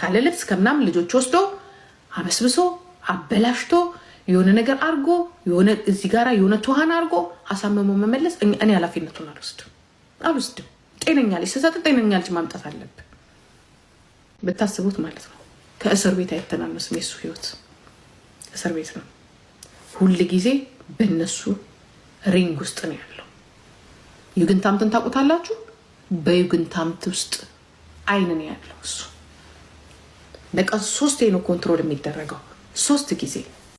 ካለ ልብስ ከምናምን ልጆች ወስዶ አበስብሶ አበላሽቶ የሆነ ነገር አድርጎ የሆነ እዚህ ጋራ የሆነ ትሃን አድርጎ አሳምሞ መመለስ እኔ ኃላፊነቱን አልወስድም አልወስድም። ጤነኛ ልጅ ስሰጥ ጤነኛ ልጅ ማምጣት አለብ። ብታስቡት ማለት ነው። ከእስር ቤት አይተናነስም። የሱ ህይወት እስር ቤት ነው። ሁል ጊዜ በእነሱ ሪንግ ውስጥ ነው ያለው። ዩግንታምትን ታውቁታላችሁ። በዩግንታምት ውስጥ አይን ነው ያለው እሱ በቃ ሶስቴ ነው ኮንትሮል የሚደረገው ሶስት ጊዜ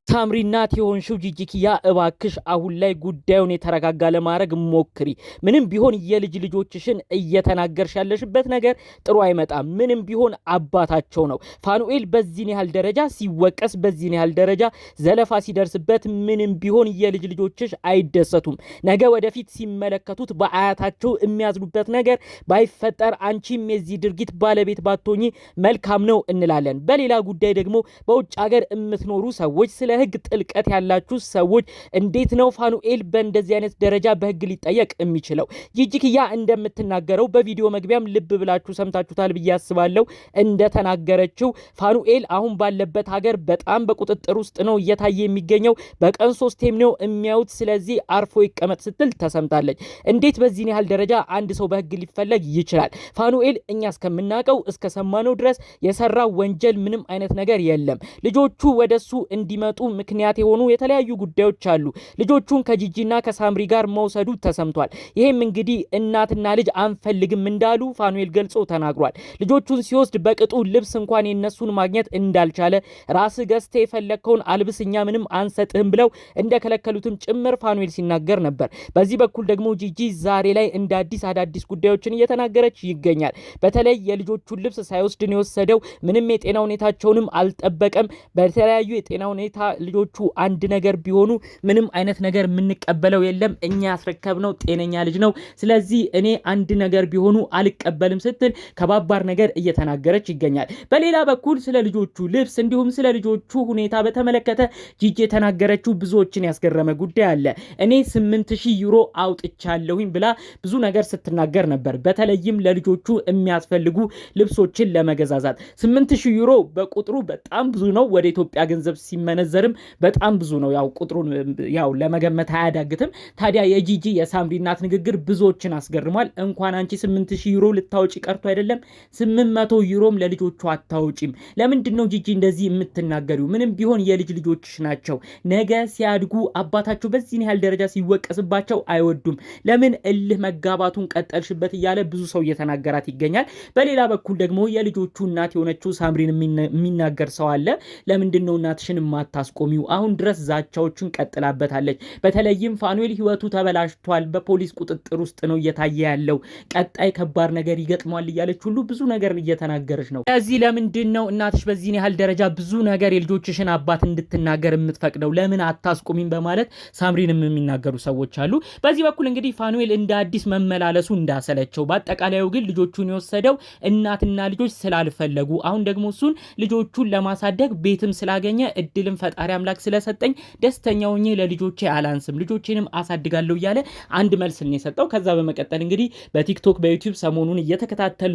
ታምሪናት የሆንሽው ጂጂኪያ እባክሽ አሁን ላይ ጉዳዩን የተረጋጋ ለማድረግ ሞክሪ። ምንም ቢሆን የልጅ ልጆችሽን እየተናገርሽ ያለሽበት ነገር ጥሩ አይመጣም። ምንም ቢሆን አባታቸው ነው። ፋኑኤል በዚህን ያህል ደረጃ ሲወቀስ፣ በዚህን ያህል ደረጃ ዘለፋ ሲደርስበት፣ ምንም ቢሆን የልጅ ልጆችሽ አይደሰቱም። ነገ ወደፊት ሲመለከቱት በአያታቸው የሚያዝኑበት ነገር ባይፈጠር አንቺም የዚህ ድርጊት ባለቤት ባትሆኚ መልካም ነው እንላለን። በሌላ ጉዳይ ደግሞ በውጭ ሀገር የምትኖሩ ሰዎች ስለ የህግ ጥልቀት ያላችሁ ሰዎች እንዴት ነው ፋኑኤል በእንደዚህ አይነት ደረጃ በህግ ሊጠየቅ የሚችለው? ጂጂኪያ እንደምትናገረው በቪዲዮ መግቢያም ልብ ብላችሁ ሰምታችሁታል ብዬ አስባለሁ። እንደተናገረችው ፋኑኤል አሁን ባለበት ሀገር በጣም በቁጥጥር ውስጥ ነው እየታየ የሚገኘው። በቀን ሶስቴም ነው የሚያዩት። ስለዚህ አርፎ ይቀመጥ ስትል ተሰምታለች። እንዴት በዚህን ያህል ደረጃ አንድ ሰው በህግ ሊፈለግ ይችላል? ፋኑኤል እኛ እስከምናውቀው እስከሰማነው ድረስ የሰራ ወንጀል ምንም አይነት ነገር የለም። ልጆቹ ወደሱ እንዲመጡ ምክንያት የሆኑ የተለያዩ ጉዳዮች አሉ። ልጆቹን ከጂጂና ከሳምሪ ጋር መውሰዱ ተሰምቷል። ይህም እንግዲህ እናትና ልጅ አንፈልግም እንዳሉ ፋኑኤል ገልጾ ተናግሯል። ልጆቹን ሲወስድ በቅጡ ልብስ እንኳን የነሱን ማግኘት እንዳልቻለ ራስ ገዝተ የፈለግከውን አልብስ እኛ ምንም አንሰጥህም ብለው እንደከለከሉትም ጭምር ፋኑኤል ሲናገር ነበር። በዚህ በኩል ደግሞ ጂጂ ዛሬ ላይ እንደ አዲስ አዳዲስ ጉዳዮችን እየተናገረች ይገኛል። በተለይ የልጆቹን ልብስ ሳይወስድን የወሰደው ምንም የጤና ሁኔታቸውንም አልጠበቀም። በተለያዩ የጤና ሁኔታ ልጆቹ አንድ ነገር ቢሆኑ ምንም አይነት ነገር የምንቀበለው የለም። እኛ ያስረከብ ነው ጤነኛ ልጅ ነው። ስለዚህ እኔ አንድ ነገር ቢሆኑ አልቀበልም ስትል ከባባር ነገር እየተናገረች ይገኛል። በሌላ በኩል ስለ ልጆቹ ልብስ እንዲሁም ስለ ልጆቹ ሁኔታ በተመለከተ ጂጂ የተናገረችው ብዙዎችን ያስገረመ ጉዳይ አለ። እኔ ስምንት ሺህ ዩሮ አውጥቻለሁኝ ብላ ብዙ ነገር ስትናገር ነበር። በተለይም ለልጆቹ የሚያስፈልጉ ልብሶችን ለመገዛዛት ስምንት ሺህ ዩሮ በቁጥሩ በጣም ብዙ ነው ወደ ኢትዮጵያ ገንዘብ ሲመነዘር ቁጥርም በጣም ብዙ ነው። ያው ቁጥሩን ያው ለመገመት አያዳግትም። ታዲያ የጂጂ የሳምሪ እናት ንግግር ብዙዎችን አስገርሟል። እንኳን አንቺ 8000 ዩሮ ልታወጪ ቀርቶ አይደለም 800 ዩሮም ለልጆቹ አታውጪም። ለምንድን ነው ጂጂ እንደዚህ የምትናገሪው? ምንም ቢሆን የልጅ ልጆችሽ ናቸው። ነገ ሲያድጉ አባታቸው በዚህን ያህል ደረጃ ሲወቀስባቸው አይወዱም። ለምን እልህ መጋባቱን ቀጠልሽበት? እያለ ብዙ ሰው እየተናገራት ይገኛል። በሌላ በኩል ደግሞ የልጆቹ እናት የሆነችው ሳምሪን የሚናገር ሰው አለ። ለምንድን ነው እናትሽን ማታስ አታስቆሚው። አሁን ድረስ ዛቻዎቹን ቀጥላበታለች። በተለይም ፋኑኤል ህይወቱ ተበላሽቷል፣ በፖሊስ ቁጥጥር ውስጥ ነው እየታየ ያለው፣ ቀጣይ ከባድ ነገር ይገጥሟል እያለች ሁሉ ብዙ ነገር እየተናገረች ነው። ስለዚህ ለምንድን ነው እናትሽ በዚህን ያህል ደረጃ ብዙ ነገር የልጆችሽን አባት እንድትናገር የምትፈቅደው? ለምን አታስቆሚም? በማለት ሳምሪንም የሚናገሩ ሰዎች አሉ። በዚህ በኩል እንግዲህ ፋኑኤል እንደ አዲስ መመላለሱ እንዳሰለቸው፣ በአጠቃላዩ ግን ልጆቹን የወሰደው እናትና ልጆች ስላልፈለጉ አሁን ደግሞ እሱን ልጆቹን ለማሳደግ ቤትም ስላገኘ እድልም ፈጣ ፈጣሪ አምላክ ስለሰጠኝ ደስተኛ ሆኜ ለልጆቼ አላንስም፣ ልጆቼንም አሳድጋለሁ እያለ አንድ መልስን የሰጠው። ከዛ በመቀጠል እንግዲህ በቲክቶክ በዩቲዩብ ሰሞኑን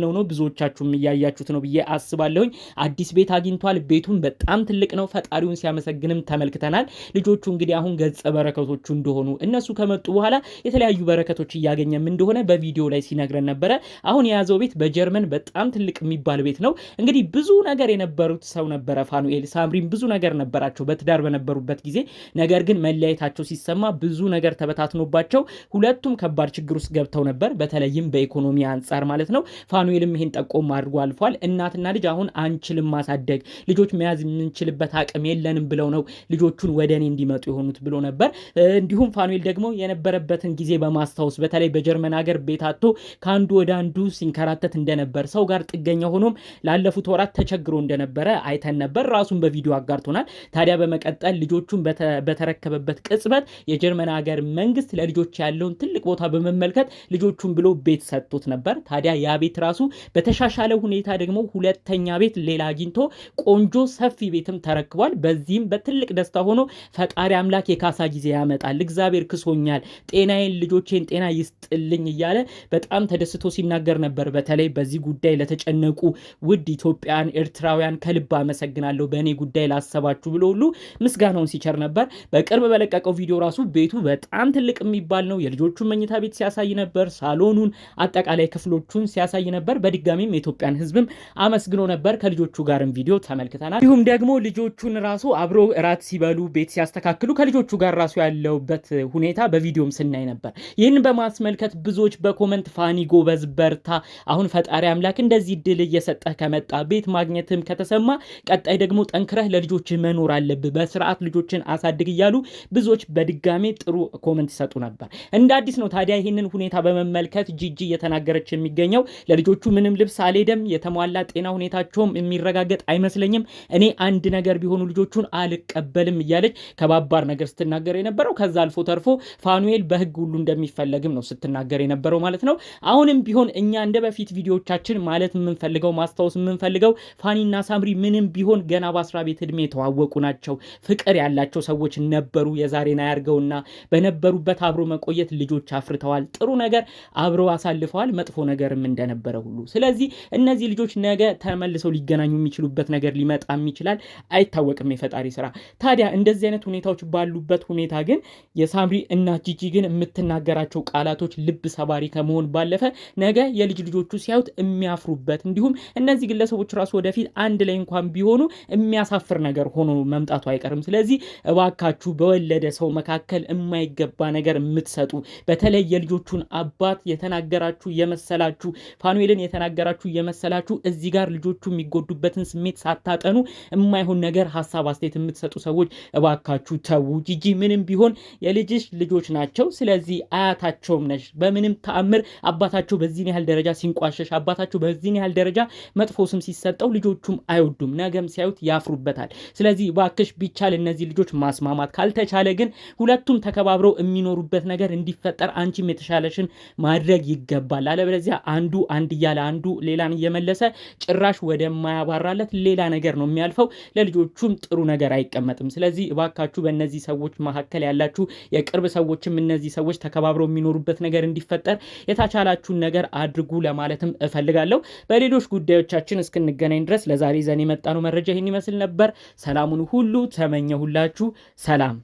ነው ነው፣ ብዙዎቻችሁም እያያችሁት ነው ብዬ አስባለሁኝ። አዲስ ቤት አግኝቷል። ቤቱን በጣም ትልቅ ነው። ፈጣሪውን ሲያመሰግንም ተመልክተናል። ልጆቹ እንግዲህ አሁን ገጸ በረከቶቹ እንደሆኑ እነሱ ከመጡ በኋላ የተለያዩ በረከቶች እያገኘም እንደሆነ በቪዲዮ ላይ ሲነግረን ነበረ። አሁን የያዘው ቤት በጀርመን በጣም ትልቅ የሚባል ቤት ነው። እንግዲህ ብዙ ነገር የነበሩት ሰው ነበረ። ፋኑኤል ሳምሪም ብዙ ነገር ነበራቸው። በትዳር በነበሩበት ጊዜ ነገር ግን መለያየታቸው ሲሰማ ብዙ ነገር ተበታትኖባቸው ሁለቱም ከባድ ችግር ውስጥ ገብተው ነበር። በተለይም በኢኮኖሚ አንጻር ማለት ነው። ፋኑኤልም ይህን ጠቆም አድርጎ አልፏል። እናትና ልጅ አሁን አንችልም ማሳደግ ልጆች መያዝ የምንችልበት አቅም የለንም ብለው ነው ልጆቹን ወደ እኔ እንዲመጡ የሆኑት ብሎ ነበር። እንዲሁም ፋኑኤል ደግሞ የነበረበትን ጊዜ በማስታወስ በተለይ በጀርመን ሀገር ቤት ከአንዱ ወደ አንዱ ሲንከራተት እንደነበር ሰው ጋር ጥገኛ ሆኖም ላለፉት ወራት ተቸግሮ እንደነበረ አይተን ነበር። ራሱን በቪዲዮ አጋርቶናል። ታዲያ በመቀጠል ልጆቹን በተረከበበት ቅጽበት የጀርመን ሀገር መንግስት ለልጆች ያለውን ትልቅ ቦታ በመመልከት ልጆቹን ብሎ ቤት ሰጥቶት ነበር። ታዲያ ያ ቤት ራሱ በተሻሻለ ሁኔታ ደግሞ ሁለተኛ ቤት ሌላ አግኝቶ ቆንጆ ሰፊ ቤትም ተረክቧል። በዚህም በትልቅ ደስታ ሆኖ ፈጣሪ አምላክ የካሳ ጊዜ ያመጣል፣ እግዚአብሔር ክሶኛል፣ ጤናዬን ልጆቼን ጤና ይስጥልኝ እያለ በጣም ተደስቶ ሲናገር ነበር። በተለይ በዚህ ጉዳይ ለተጨነቁ ውድ ኢትዮጵያን ኤርትራውያን ከልብ አመሰግናለሁ በእኔ ጉዳይ ላሰባችሁ ብሎ ሁሉ ምስጋናውን ሲቸር ነበር። በቅርብ በለቀቀው ቪዲዮ ራሱ ቤቱ በጣም ትልቅ የሚባል ነው። የልጆቹን መኝታ ቤት ሲያሳይ ነበር። ሳሎኑን፣ አጠቃላይ ክፍሎቹን ሲያሳይ ነበር። በድጋሚም የኢትዮጵያን ሕዝብም አመስግኖ ነበር። ከልጆቹ ጋርም ቪዲዮ ተመልክተናል። እንዲሁም ደግሞ ልጆቹን ራሱ አብሮ እራት ሲበሉ ቤት ሲያስተካክሉ ከልጆቹ ጋር ራሱ ያለውበት ሁኔታ በቪዲዮም ስናይ ነበር። ይህን በማስመልከት ብዙዎች በኮመንት ፋኒ ጎበዝ በርታ፣ አሁን ፈጣሪ አምላክ እንደዚህ ድል እየሰጠህ ከመጣ ቤት ማግኘትም ከተሰማ ቀጣይ ደግሞ ጠንክረህ ለልጆች መኖር አለብ በደንብ በስርዓት ልጆችን አሳድግ እያሉ ብዙዎች በድጋሜ ጥሩ ኮመንት ይሰጡ ነበር። እንደ አዲስ ነው ታዲያ ይህንን ሁኔታ በመመልከት ጂጂ እየተናገረች የሚገኘው ለልጆቹ ምንም ልብስ አልሄደም፣ የተሟላ ጤና ሁኔታቸውም የሚረጋገጥ አይመስለኝም፣ እኔ አንድ ነገር ቢሆኑ ልጆቹን አልቀበልም እያለች ከባባር ነገር ስትናገር የነበረው ከዛ አልፎ ተርፎ ፋኑኤል በህግ ሁሉ እንደሚፈለግም ነው ስትናገር የነበረው ማለት ነው። አሁንም ቢሆን እኛ እንደ በፊት ቪዲዮቻችን ማለት የምንፈልገው ማስታወስ የምንፈልገው ፋኒና ሳምሪ ምንም ቢሆን ገና በአስራ ቤት እድሜ የተዋወቁ ናቸው። ያላቸው ፍቅር ያላቸው ሰዎች ነበሩ። የዛሬን አያርገውና በነበሩበት አብሮ መቆየት ልጆች አፍርተዋል። ጥሩ ነገር አብረው አሳልፈዋል፣ መጥፎ ነገርም እንደነበረ ሁሉ። ስለዚህ እነዚህ ልጆች ነገ ተመልሰው ሊገናኙ የሚችሉበት ነገር ሊመጣም ይችላል፣ አይታወቅም የፈጣሪ ስራ። ታዲያ እንደዚህ አይነት ሁኔታዎች ባሉበት ሁኔታ ግን የሳምሪ እና ጂጂ ግን የምትናገራቸው ቃላቶች ልብ ሰባሪ ከመሆን ባለፈ ነገ የልጅ ልጆቹ ሲያዩት የሚያፍሩበት እንዲሁም እነዚህ ግለሰቦች ራሱ ወደፊት አንድ ላይ እንኳን ቢሆኑ የሚያሳፍር ነገር ሆኖ መምጣት መምጣቱ አይቀርም። ስለዚህ እባካችሁ በወለደ ሰው መካከል የማይገባ ነገር የምትሰጡ በተለይ የልጆቹን አባት የተናገራችሁ የመሰላችሁ ፋኑኤልን የተናገራችሁ የመሰላችሁ እዚህ ጋር ልጆቹ የሚጎዱበትን ስሜት ሳታጠኑ የማይሆን ነገር ሀሳብ፣ አስተያየት የምትሰጡ ሰዎች እባካችሁ ተዉ። ጂጂ ምንም ቢሆን የልጅሽ ልጆች ናቸው። ስለዚህ አያታቸውም ነሽ። በምንም ተአምር አባታቸው በዚህን ያህል ደረጃ ሲንቋሸሽ፣ አባታቸው በዚህን ያህል ደረጃ መጥፎ ስም ሲሰጠው ልጆቹም አይወዱም። ነገም ሲያዩት ያፍሩበታል። ስለዚህ እባክሽ መፈተሽ ቢቻል እነዚህ ልጆች ማስማማት ካልተቻለ ግን ሁለቱም ተከባብረው የሚኖሩበት ነገር እንዲፈጠር አንቺም የተሻለሽን ማድረግ ይገባል። አለበለዚያ አንዱ አንድ እያለ አንዱ ሌላን እየመለሰ ጭራሽ ወደማያባራለት ሌላ ነገር ነው የሚያልፈው። ለልጆቹም ጥሩ ነገር አይቀመጥም። ስለዚህ እባካችሁ በእነዚህ ሰዎች መካከል ያላችሁ የቅርብ ሰዎችም እነዚህ ሰዎች ተከባብረው የሚኖሩበት ነገር እንዲፈጠር የተቻላችሁን ነገር አድርጉ ለማለትም እፈልጋለሁ። በሌሎች ጉዳዮቻችን እስክንገናኝ ድረስ ለዛሬ ዘን የመጣነው መረጃ ይህን ይመስል ነበር። ሰላሙን ሁሉ ሁሉ ተመኘሁላችሁ። ሰላም